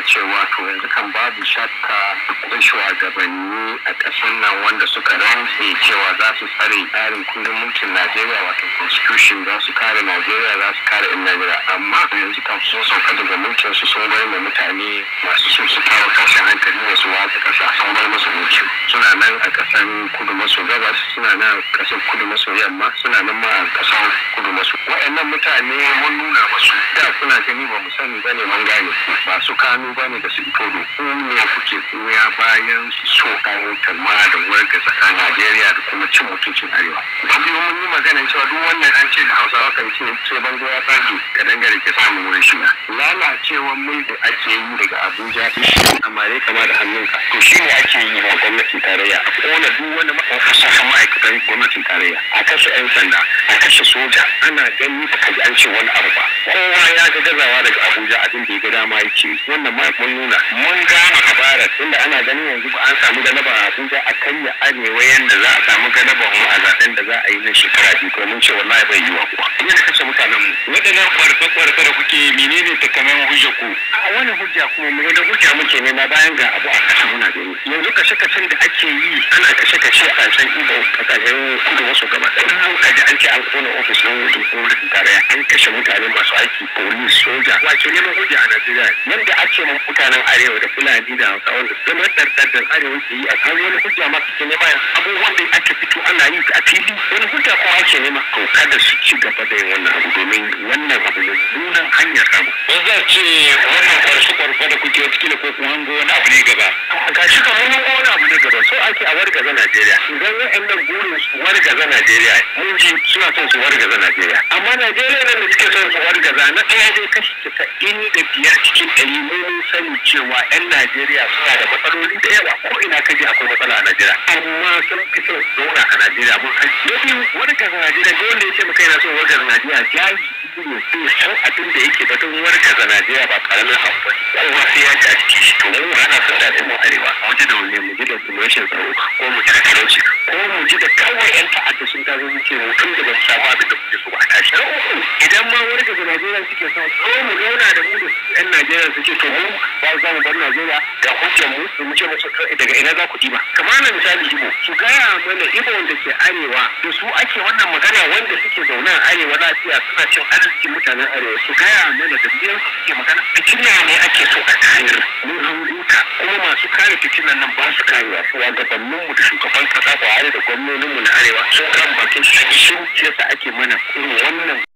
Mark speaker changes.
Speaker 1: da cewa to yanzu kan babu shakka da shugabanni a ƙasar nan wanda suka rantse cewa za su tsare tsarin kundin mulkin Najeriya wato constitution za su kare Najeriya za su kare in Najeriya amma yanzu kan sun sauka daga mulkin su sun bar mutane masu su su kawo tashin hankali da su watsa ƙasa sun bar musu mulki suna nan a kasan kudu maso gabas suna nan a kasan kudu maso yamma suna nan ma a kasan kudu maso wa'annan mutane mun nuna masu da suna gani ba mu sani ba ne mun gane ba su kanu ba ne da su da ku ne kuke koya bayan so kawo ma da warga tsakanin Najeriya da kuma cin mutuncin Arewa. Biyu mun yi maganin cewa duk wannan an ce da Hausawa kan ce ce bango ya tsage ka dangare ke samun wurin shiga. lalacewar mai da ake yi daga abuja shi amma kama da hannunka to shi ne ake yi wa gwamnatin tarayya a kona duk wani ma'aikatan ma'aikatan gwamnatin tarayya a kashe yan sanda a kashe soja ana gani da kaji an ce wani abu ba kowa ya ga gazawa daga abuja abin da ya ga dama yake wannan ma mun nuna mun gama kabara tunda ana ganin yanzu ba an samu ganaba a abuja a karya arewa yanda za a samu ganaba a zaben da za a yi na shekara biyu ko mun ce wallahi bai yi wa kuma. ina kashe mutanen waɗannan kwarfe-kwarfe da kuke menene ta kamar hujja ku a wani hujja kuma mu da hujja muke nema bayan ga abu a kasa muna gani yanzu kashe-kashen da ake yi ana kashe-kashe a ƙarshen ibo a kudu wasu gaba kullum a ji an ce an kona ofis ɗin gwamnatin tare an kashe mutane masu aiki polis soja wace neman hujja a najeriya yadda ake mun mutanen arewa da fulani da hausawa da zama ɗarɗarɗar arewa ke yi a kan wani hujja ma suke nema abubuwan da aka fito ana yi a fili wani hujja kuma ake nema kauka da su ci gaba da yin wannan abu domin wannan abu da dunan hanyar samu. Ba za ce wannan kwarfi kwarfa da kuke wata kila ko kuma hango wani abu ne gaba. Ga shi kamar mun wani abu ne gaba so ake a wargaza Najeriya. Idan wa'annan burin su wargaza Najeriya mun ji suna son su wargaza Najeriya. Amma Najeriya suke son su wargaza na ɗaya dai kashi casa'in da biyar cikin ɗari mun sani cewa 'yan Najeriya suna da matsaloli da yawa ko ina ka je akwai matsala a Najeriya amma sun fi son zauna a Najeriya mun san na biyu wargaza Najeriya dole ne ce mu kai na son wargaza Najeriya jaji ne sun san abin da yake batun wargaza Najeriya ba karamin abu ba kowa sai ya ja jiki shi to mu ana son da mu arewa mu ji da wani mu ji da rashin tsaro ko mu ji da talauci ko mu ji da kawai 'yan ta'adda sun tazo mu ce mutum da ba su samu abin da kuke so Najeriya suke so ko mu zauna da mu da yan Najeriya suke to mu ba za mu bar Najeriya da hujjar mu da mu ce musu daga ina za ku diba kamar na misali Ibo su gaya mana Ibo da ke arewa da su ake wannan magana wanda suke zaune a arewa za su suna cin arziki mutanen arewa su gaya mana da biyan su suke magana fitina ne ake so a tayar mun hanguta kuma masu kare fitinan nan ba su karewa kuwa gabanin mu da shugaban kasa Buhari da gwamnonin mu na arewa sun kan bakin su ake mana irin wannan